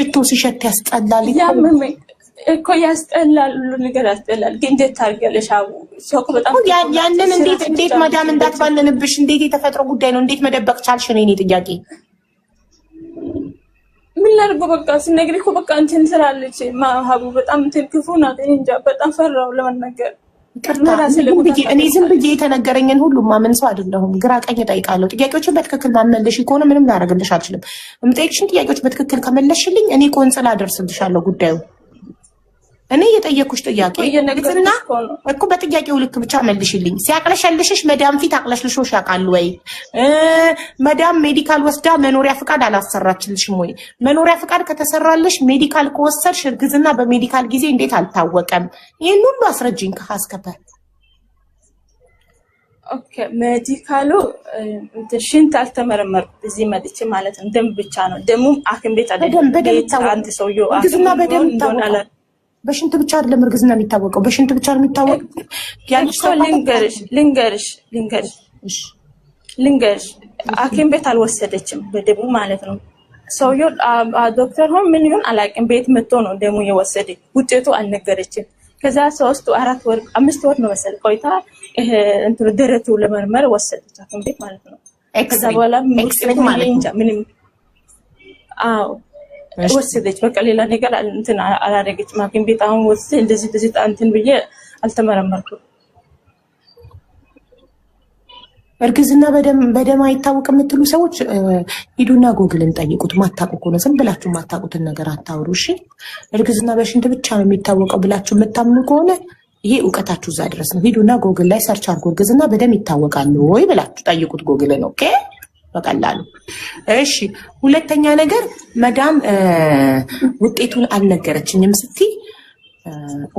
ሽቶ ሲሸት ያስጠላል እኮ ያስጠላሉ ነገር ያስጠላል። ግን እንዴት ታርጊያለሽ? ያንን እንዴት እንዴት መዳም እንዳትባልንብሽ፣ እንዴት የተፈጥሮ ጉዳይ ነው። እንዴት መደበቅ ቻልሽ ነው የኔ ጥያቄ። ምን ላድርጎ በቃ ስነግሪ እኮ በቃ እንትን ስላለች ማሀቡ በጣም እንትን ክፉ ናት። እንጃ በጣም ፈራው ለመናገር እኔ ዝም ብዬ የተነገረኝን ሁሉ ማመን ሰው አይደለሁም። ግራ ቀኝ እጠይቃለሁ። ጥያቄዎችን በትክክል ማመለሽ ከሆነ ምንም ላደርግልሽ አልችልም። የምጠይቅሽን ጥያቄዎች በትክክል ከመለሽልኝ እኔ ቆንጽላ አደርስልሻለሁ ጉዳዩ እኔ የጠየኩሽ ጥያቄ እና እኮ በጥያቄው ልክ ብቻ መልሽልኝ። ሲያቅለሸልሽሽ መዳም ፊት አቅለሽልሾሽ ያውቃል ወይ? መዳም ሜዲካል ወስዳ መኖሪያ ፍቃድ አላሰራችልሽም ወይ? መኖሪያ ፍቃድ ከተሰራልሽ ሜዲካል ከወሰድሽ እርግዝና በሜዲካል ጊዜ እንዴት አልታወቀም? ይህን ሁሉ አስረጅኝ ከሀስከፈ ሜዲካሉ ሽንት አልተመረመርኩም። እዚህ መጥቼ ማለት ነው። ደም ብቻ ነው። ደሙም ሐኪም ቤት አይደለም። ቤት አንድ ይታወቃል። በሽንት ብቻ አይደለም እርግዝና የሚታወቀው፣ በሽንት ብቻ የሚታወቀው የሚታወቅ ልንገርሽ ልንገርሽ ልንገርሽ ልንገርሽ ሐኪም ቤት አልወሰደችም በደቡ ማለት ነው። ሰውየው ዶክተር ሆን ምን ይሁን አላውቅም፣ ቤት መጥቶ ነው ደሙ የወሰደ ውጤቱ አልነገረችም። ከዛ ሶስት አራት ወር አምስት ወር ነው መሰለኝ ቆይታ እንትኑ ደረቱ ለመርመር ወሰደች ሐኪም ቤት ማለት ነው። ከዛ በኋላ ምንም አዎ ወሰደች። በቃ ሌላ ነገር እንትን አላደረገች። ማኪን ቤት አሁን ወስደ እንደዚህ እንደዚህ እንትን ብዬ አልተመረመርኩም። እርግዝና በደም አይታወቅ የምትሉ ሰዎች ሂዱና ጎግልን ጠይቁት። ማታውቁ ከሆነ ዝም ብላችሁ ማታውቁትን ነገር አታውሩ። እሺ፣ እርግዝና በሽንት ብቻ ነው የሚታወቀው ብላችሁ የምታምኑ ከሆነ ይሄ እውቀታችሁ እዛ ድረስ ነው። ሂዱና ጎግል ላይ ሰርች አድርጎ እርግዝና በደም ይታወቃሉ ወይ ብላችሁ ጠይቁት ጎግልን። ኦኬ በቀላሉ እሺ። ሁለተኛ ነገር መዳም ውጤቱን አልነገረችኝም ስትይ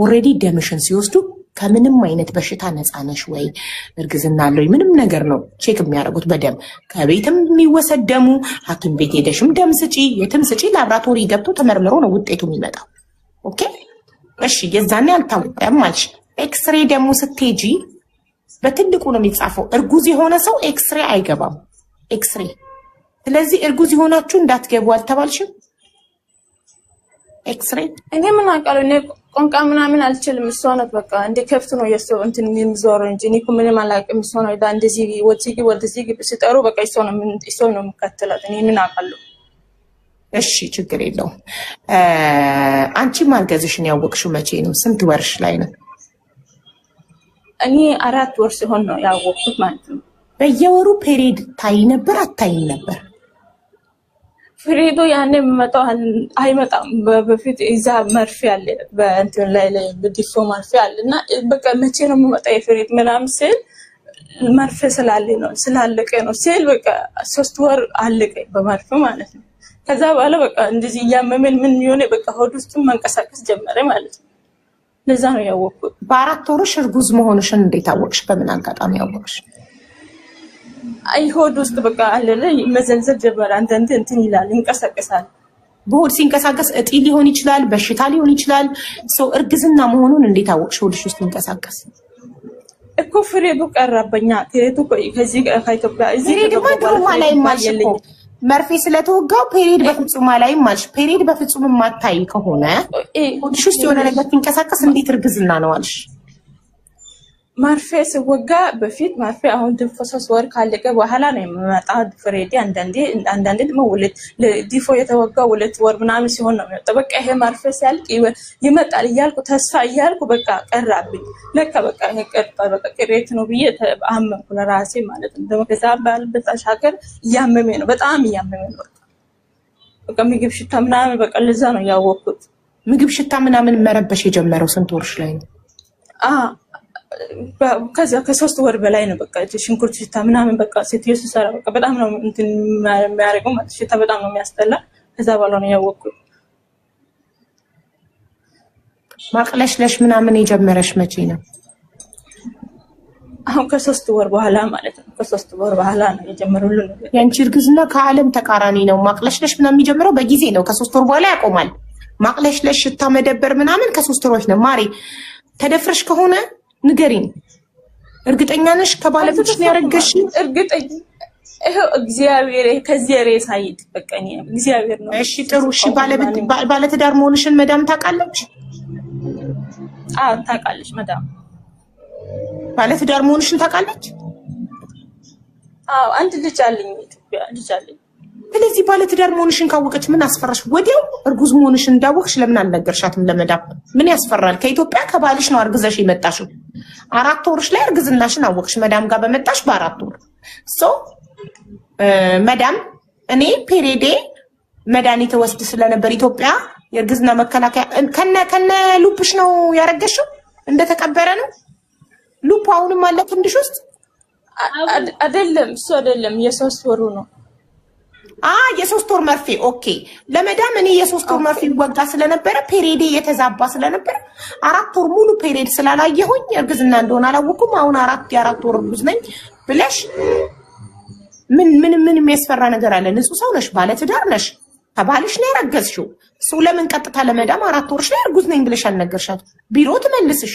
ኦልሬዲ ደምሽን ሲወስዱ ከምንም አይነት በሽታ ነፃ ነሽ ወይ እርግዝና አለ ወይ ምንም ነገር ነው ቼክ የሚያደርጉት በደም ከቤትም የሚወሰድ ደሙ ሐኪም ቤት ሄደሽም ደም ስጪ የትም ስጪ ላብራቶሪ ገብቶ ተመርምሮ ነው ውጤቱ የሚመጣው። ኦኬ እሺ፣ የዛኔ አልታወቀም አልሽ። ኤክስሬ ደግሞ ስትሄጂ በትልቁ ነው የሚጻፈው። እርጉዝ የሆነ ሰው ኤክስሬ አይገባም። ኤክስሬ። ስለዚህ እርጉዝ የሆናችሁ እንዳትገቡ አልተባልሽም? ኤክስሬ እኔ ምን አውቃለሁ። እኔ ቋንቋ ምናምን አልችልም። እሷ ናት በቃ እንደ ከፍት ነው የእሱ እንትን የሚዞረው እንጂ እኔ እኮ ምንም አላውቅም። እሷ ነው እንደዚህ ወትጊ ወደዚህ ሲጠሩ በቃ እሷ ነው እሷ ነው የምከተላት። እኔ ምን አውቃለሁ። እሺ ችግር የለው። አንቺ ማርገዝሽን ያወቅሽው መቼ ነው? ስንት ወርሽ ላይ ነው? እኔ አራት ወር ሲሆን ነው ያወቅኩት ማለት ነው። በየወሩ ፔሬድ ታይ ነበር አታይ ነበር? ፍሬዶ ያን የሚመጣው አይመጣም። በፊት እዛ መርፌ አለ በእንትን ላይ ላይ በዲፎ መርፌ አለ እና በቃ መቼ ነው የሚመጣ የፍሬድ ምናምን ስል መርፌ ስላለ ነው ስላለቀ ነው ስል በቃ ሶስት ወር አለቀ በመርፌ ማለት ነው። ከዛ በኋላ በቃ እንደዚህ እያመመን ምን የሆነ በቃ ሆድ ውስጥም መንቀሳቀስ ጀመረ ማለት ነው። ለዛ ነው ያወቅኩት። በአራት ወርሽ እርጉዝ መሆንሽን እንዴት አወቅሽ? በምን አጋጣሚ ያወቅሽ? ሆድ ውስጥ በቃ አለ መዘልዘል ጀመረ። አንተ እንትን ይላል ይንቀሳቀሳል። በሆድ ሲንቀሳቀስ እጢ ሊሆን ይችላል፣ በሽታ ሊሆን ይችላል። ሰው እርግዝና መሆኑን እንዴት አወቅሽ? ሆድሽ ውስጥ ይንቀሳቀስ እኮ ፍሬ ቀረበኛ ከየቱ ከዚህ ከኢትዮጵያ እዚህ ደግሞ ድሮማ ላይ ማልሽኮ መርፌ ስለተወጋው ፔሪድ በፍጹም አላይም አልሽ። ፔሪድ በፍጹም የማታይ ከሆነ ሆድሽ ውስጥ የሆነ ነገር ሲንቀሳቀስ እንዴት እርግዝና ነው አልሽ? ማርፌ ስወጋ በፊት ማርፌ አሁን ሶስት ወር ካለቀ በኋላ ነው የሚመጣ ፍሬዴ። አንዳንዴ ደግሞ ዲፎ የተወጋ ሁለት ወር ምናምን ሲሆን ነው የሚመጣ። በቃ ይሄ ማርፌ ሲያልቅ ይመጣል እያልኩ ተስፋ እያልኩ በቃ ቀራብኝ። ለካ በቃ ይሄ በቃ ቅሬት ነው ብዬ አመንኩ ለራሴ ማለት ነው። ደግሞ ከዛ ባልበት አሻገር እያመሜ ነው፣ በጣም እያመሜ ነው። በቃ ምግብ ሽታ ምናምን በቃ ለዛ ነው ያወቅኩት። ምግብ ሽታ ምናምን መረበሽ የጀመረው ስንት ወርሽ ላይ ነው? ከዚያ ከሶስት ወር በላይ ነው። በቃ ሽንኩርት ሽታ ምናምን በቃ ሴትዮ ስሰራ በቃ በጣም ነው እንትን የሚያደርገው ማለት ሽታ በጣም ነው የሚያስጠላ። ከዛ በኋላ ነው ያወቅኩት። ማቅለሽለሽ ምናምን የጀመረሽ መቼ ነው? አሁን ከሶስት ወር በኋላ ማለት ነው። ከሶስት ወር በኋላ ነው የጀመረ ሁሉ ነገር። የአንቺ እርግዝና ከዓለም ተቃራኒ ነው። ማቅለሽለሽ ምናምን የሚጀምረው በጊዜ ነው። ከሶስት ወር በኋላ ያቆማል። ማቅለሽለሽ፣ ሽታ መደበር ምናምን ከሶስት ወሮች ነው። ማሬ ተደፍረሽ ከሆነ ንገሪን። እርግጠኛ ነሽ ከባለቤትሽ ነው ያረገሽኝ? እርግጠኛ ይሄው እግዚአብሔር ከዚህ ሬሳ ይጠበቀኝ እግዚአብሔር ነው። እሺ ጥሩ። እሺ ባለቤት ባለትዳር መሆንሽን መዳም ታውቃለች? አዎ ታውቃለች። መዳም ባለትዳር መሆንሽን ታውቃለች? አዎ አንድ ልጅ አለኝ፣ ኢትዮጵያ ልጅ አለኝ። ስለዚህ ባለትዳር መሆንሽን ካወቀች ምን አስፈራሽ? ወዲያው እርጉዝ መሆንሽን እንዳወቅሽ ለምን አልነገርሻትም? ለመዳም ምን ያስፈራል? ከኢትዮጵያ ከባልሽ ነው አርግዘሽ የመጣሽው። አራት ወርሽ ላይ እርግዝናሽን አወቅሽ መዳም ጋር በመጣሽ በአራት ወር ሶ መዳም እኔ ፔሬዴ መድኃኒት ወስድ ስለነበር ኢትዮጵያ የእርግዝና መከላከያ ከነ ሉፕሽ ነው ያረገሽው? እንደተቀበረ ነው ሉፕ አሁንም አለ ክንድሽ ውስጥ አይደለም? እሱ አይደለም የሶስት ወሩ ነው የሶስት ወር መርፌ ኦኬ። ለመዳም እኔ የሶስት ወር መርፌ ወጋ ስለነበረ ፔሬዴ የተዛባ ስለነበረ አራት ወር ሙሉ ፔሬድ ስላላየሁኝ እርግዝና እንደሆነ አላወኩም። አሁን አራት የአራት ወር እርጉዝ ነኝ ብለሽ ምን ምን ምን የሚያስፈራ ነገር አለ? ንጹህ ሰው ነሽ፣ ባለትዳር ትዳር ነሽ፣ ከባልሽ ነው ያረገዝሽው። ለምን ቀጥታ ለመዳም አራት ወርሽ ላይ እርጉዝ ነኝ ብለሽ አልነገርሻት? ቢሮ ትመልስሽ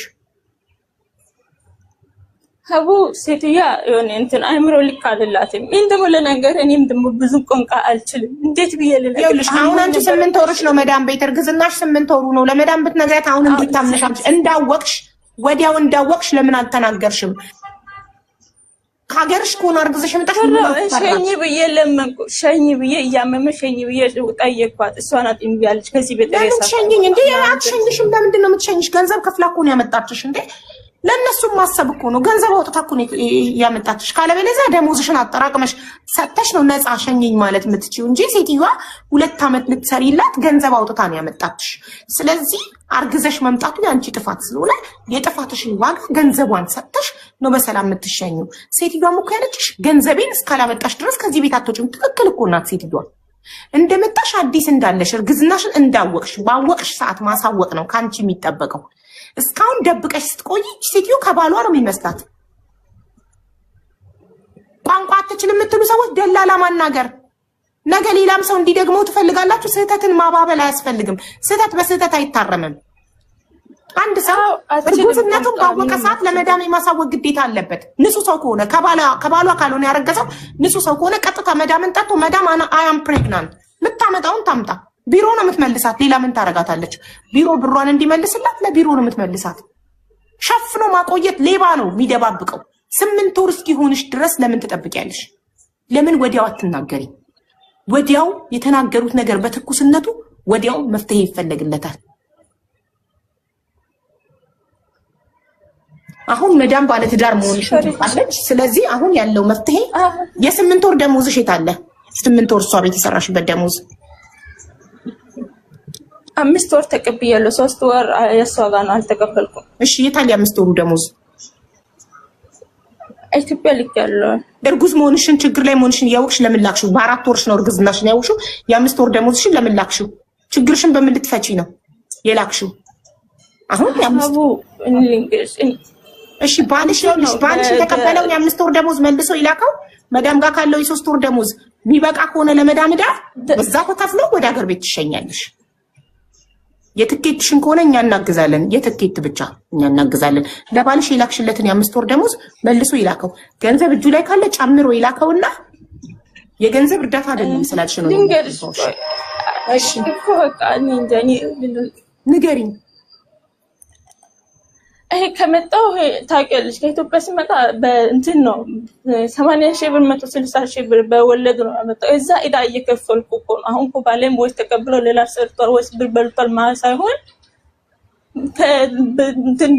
ሀቡ ሴትዮዋ የሆነ እንትን አይምሮ ልክ አልላትም። ይህን ደግሞ ለነገር እኔም ደግሞ ብዙ ቆንቃ አልችልም። እንዴት ብዬ ልልሽ? አሁን አንቺ ስምንት ወሮች ነው መዳም ቤት፣ እርግዝናሽ ስምንት ወሩ ነው። ለመዳም ብትነግሪያት አሁን እንድታምነሻች እንዳወቅሽ ወዲያው እንዳወቅሽ ለምን አልተናገርሽም? ከሀገርሽ ከሆነ እርግዝሽ ምጣሽ ሸኝ ብዬ ለመንኩ። ሸኝ ብዬ እያመመ ሸኝ ብዬ ጠየቅኳት። እሷ ናት እምቢ አለች። ከዚህ ቤት ሸኝኝ እንዴ? አትሸኝሽም። ለምንድን ነው የምትሸኝሽ? ገንዘብ ከፍላ እኮ ነው ያመጣችሽ እንዴ? ለእነሱም ማሰብ እኮ ነው። ገንዘብ አውጥታ እኮ ያመጣችሽ። ካለበለዚያ ደሞዝሽን አጠራቅመሽ ሰጥተሽ ነው ነፃ ሸኘኝ ማለት የምትችው እንጂ ሴትዮዋ ሁለት ዓመት ልትሰሪላት ገንዘብ አውጥታ ነው ያመጣችሽ። ስለዚህ አርግዘሽ መምጣቱ የአንቺ ጥፋት ስለሆነ የጥፋትሽን ዋጋ ገንዘቧን ሰጥተሽ ነው በሰላም የምትሸኙ። ሴትዮዋም እኮ ያለችሽ ገንዘቤን እስካላመጣሽ ድረስ ከዚህ ቤት አትወጪም። ትክክል እኮ ናት ሴትዮዋ። እንደመጣሽ አዲስ እንዳለሽ እርግዝናሽን እንዳወቅሽ ባወቅሽ ሰዓት ማሳወቅ ነው ከአንቺ የሚጠበቀው። እስካሁን ደብቀሽ ስትቆይ ሴትዮ ከባሏ ነው የሚመስላት። ቋንቋ አትችል የምትሉ ሰዎች ደላላ ማናገር፣ ነገ ሌላም ሰው እንዲደግመው ትፈልጋላችሁ። ስህተትን ማባበል አያስፈልግም። ስህተት በስህተት አይታረምም። አንድ ሰው እርጉዝነቱን ባወቀ ሰዓት ለመዳን የማሳወቅ ግዴታ አለበት። ንጹህ ሰው ከሆነ ከባሏ ካልሆነ ያረገዘው ንጹህ ሰው ከሆነ ቀጥታ መዳምን ጠጥቶ መዳም አያም ፕሬግናንት ምታመጣውን ታምጣ። ቢሮ ነው የምትመልሳት። ሌላ ምን ታረጋታለች? ቢሮ ብሯን እንዲመልስላት ለቢሮ ነው የምትመልሳት። ሸፍኖ ማቆየት ሌባ ነው የሚደባብቀው። ስምንት ወር እስኪሆንሽ ድረስ ለምን ትጠብቂያለሽ? ለምን ወዲያው አትናገሪ? ወዲያው የተናገሩት ነገር በትኩስነቱ ወዲያው መፍትሄ ይፈለግለታል። አሁን መዳም ባለትዳር መሆንሽን ታውቃለች። ስለዚህ አሁን ያለው መፍትሄ የስምንት ወር ደሞዝሽ የት አለ? ስምንት ወር እሷ ቤት የሰራሽበት ደሞዝ አምስት ወር ተቀብያለሁ። ሶስት ወር የእሷ ጋር ነው አልተቀበልኩም። እሺ የታል የአምስት ወሩ ደሞዝ? ኢትዮጵያ ልክ ያለው እርጉዝ መሆንሽን ችግር ላይ መሆንሽን እያወቅሽ ለምን ላክሽው? በአራት ወርሽ ነው እርግዝናሽን ያወቅሽው። የአምስት ወር ደሞዝሽን ለምን ላክሽው? ችግርሽን በምን ልትፈቺ ነው የላክሽው? አሁን ያምስት እሺ ባልሽ ልሽ ባልሽ የተቀበለውን የአምስት ወር ደሞዝ መልሶ ይላከው መዳም ጋር ካለው የሶስት ወር ደሞዝ ሚበቃ ከሆነ ለመዳም ዳ በዛ ተከፍሎ ወደ ሀገር ቤት ትሸኛለሽ። የትኬትሽን ከሆነ እኛ እናግዛለን። የትኬት ብቻ እኛ እናግዛለን። ለባልሽ የላክሽለትን የአምስት ወር ደሞዝ መልሶ ይላከው። ገንዘብ እጁ ላይ ካለ ጨምሮ ይላከውና የገንዘብ እርዳታ አይደለም ስላልሽ ነው። ንገሪኝ ይሄ ከመጣው ታውቂያለሽ፣ ከኢትዮጵያ ስመጣ በእንትን ነው ሰማንያ ሺህ ብር መቶ ስልሳ ሺህ ብር በወለድ ነው ያመጣው። እዛ እዳ እየከፈልኩ እኮ ነው አሁን። ኩባ ላይም ወይስ ተቀብለው ሌላ ሰርቷል ወይስ ብር በልቷል ማለት ሳይሆን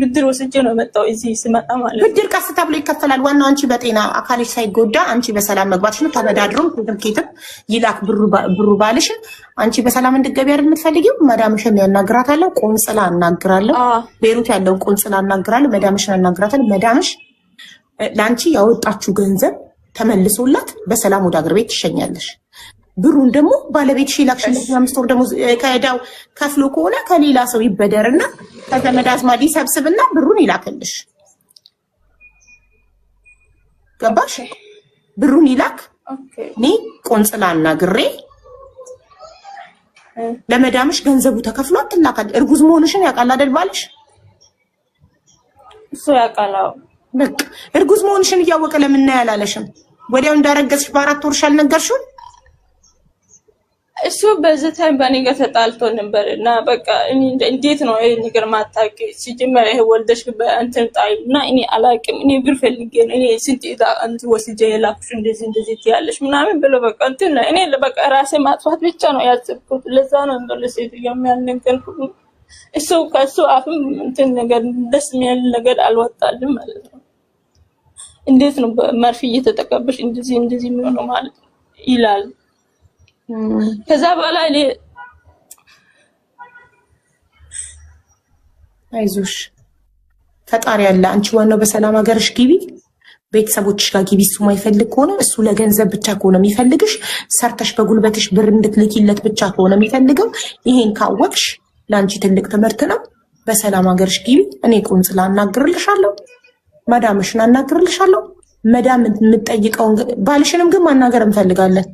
ብድር ወስጄ ነው የመጣው እዚህ ስመጣ ማለት ነው። ብድር ቀስ ተብሎ ይከፈላል። ዋናው አንቺ በጤና አካልሽ ሳይጎዳ አንቺ በሰላም መግባትሽ ነው። ተበዳድሮም ከትም ኬትም ይላክ ብሩ ባልሽ አንቺ በሰላም እንድገቢ አይደል የምትፈልጊው? መዳምሽን ያናግራታለሁ። ቆንጽላ አናግራለሁ። ቤሩት ያለውን ቆንጽላ አናግራለሁ። መዳምሽን አናግራታለሁ። መዳምሽ ለአንቺ ያወጣችሁ ገንዘብ ተመልሶላት በሰላም ወደ አገር ቤት ትሸኛለሽ። ብሩን ደግሞ ባለቤት ሺ ላክሽ አምስት ወር ደግሞ ከዕዳው ከፍሎ ከሆነ ከሌላ ሰው ይበደርና ከዘመድ አዝማድ ይሰብስብና ብሩን ይላክልሽ። ገባሽ? ብሩን ይላክ። እኔ ቆንጽላ አናግሬ ለመዳምሽ ገንዘቡ ተከፍሎ አትላካል። እርጉዝ መሆንሽን ያውቃል አይደል ባልሽ? እሱ ያውቃል። በቃ እርጉዝ መሆንሽን እያወቀ ለምን ያላለሽም? ወዲያው እንዳረገዝሽ በአራት ወርሽ አልነገርሽውም? እሱ በዚህ ታይም በእኔ ጋር ተጣልቶ ነበር እና በቃ እንዴት ነው ይሄ ነገር ማታቂ ሲጀመር ይሄ ወልደሽ በእንትን ጣዩ እና እኔ አላቅም እኔ ብር ፈልጌ ነው እኔ ስንት ጣ ወስጄ የላኩሽ እንደዚህ እንደዚህ ትያለሽ ምናምን ብሎ በቃ እንትን ነው እኔ በቃ ራሴ ማጥፋት ብቻ ነው ያሰብኩት። ለዛ ነው እንደ ለሴት የሚያልነገርኩት እሱ ከእሱ አፍም እንትን ነገር ደስ የሚል ነገር አልወጣልም ማለት ነው። እንዴት ነው መርፌ እየተጠቀበሽ እንደዚህ እንደዚህ የሚሆነው ማለት ይላል ከዛ በኋላ እኔ አይዞሽ ፈጣሪ ያለ አንቺ ዋናው በሰላም ሀገርሽ ግቢ፣ ቤተሰቦችሽ ጋር ግቢ። እሱ ማይፈልግ ከሆነ እሱ ለገንዘብ ብቻ ከሆነ የሚፈልግሽ ሰርተሽ በጉልበትሽ ብር እንድትልኪለት ብቻ ከሆነ የሚፈልገው ይሄን ካወቅሽ ለአንቺ ትልቅ ትምህርት ነው። በሰላም ሀገርሽ ግቢ። እኔ ቁንጽላ አናግርልሻለሁ፣ መዳምሽን አናግርልሻለሁ። መዳም የምትጠይቀውን ባልሽንም ግን ማናገር እንፈልጋለን።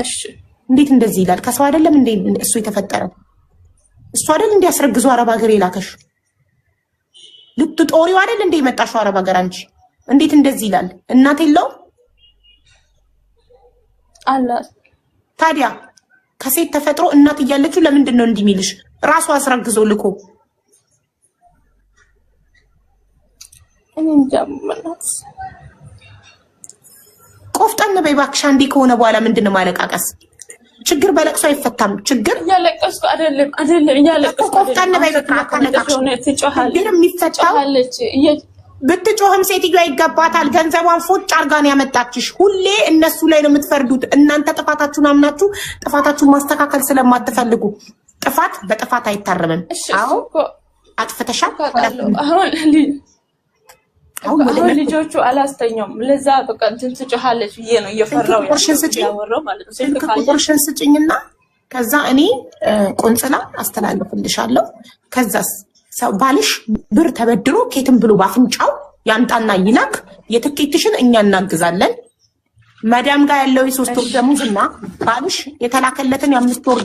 እሺ እንዴት እንደዚህ ይላል? ከሰው አይደለም እንደ እሱ የተፈጠረው? እሱ አይደል እንዲያስረግዙ አረብ ሀገር የላከሽ? ጦሪው አይደል እንደ የመጣሽው አረብ ሀገር? አንቺ እንዴት እንደዚህ ይላል? እናት የለው አላት። ታዲያ ከሴት ተፈጥሮ እናት እያለችው ለምንድን ነው እንዲህ የሚልሽ? ራሱ አስረግዞ ልኮ እኔ እንጃ ቆፍጠን በይ እባክሽ። አንዴ ከሆነ በኋላ ምንድን ነው ማለቃቀስ? ችግር በለቅሶ አይፈታም። ችግር እያለቀስኩ አይደለም አይደለም እያለቀስኩ ቆፍጠን በይ ችግር የሚፈታው ብትጮህም ሴትዮዋ ይገባታል። ገንዘቧን ፎጭ አርጋን ያመጣችሽ። ሁሌ እነሱ ላይ ነው የምትፈርዱት። እናንተ ጥፋታችሁን አምናችሁ ጥፋታችሁን ማስተካከል ስለማትፈልጉ ጥፋት በጥፋት አይታረምም። አዎ አጥፍተሻል። አሁን አሁን ልጆቹ አላስተኛውም። ለዛ በቃ እንትን ትጮሃለች ብዬ ነው እየፈራው ያወራው ማለት ነው። ስጭኝና ከዛ እኔ ቆንጽላ አስተላልፍልሻለሁ። ከዛ ባልሽ ብር ተበድሮ ኬትም ብሎ ባፍንጫው ያምጣና ይላክ፣ የትኬትሽን እኛ እናግዛለን። መዳም ጋር ያለው የሶስት ወር ደሞዝ እና ባልሽ የተላከለትን የአምስት ወር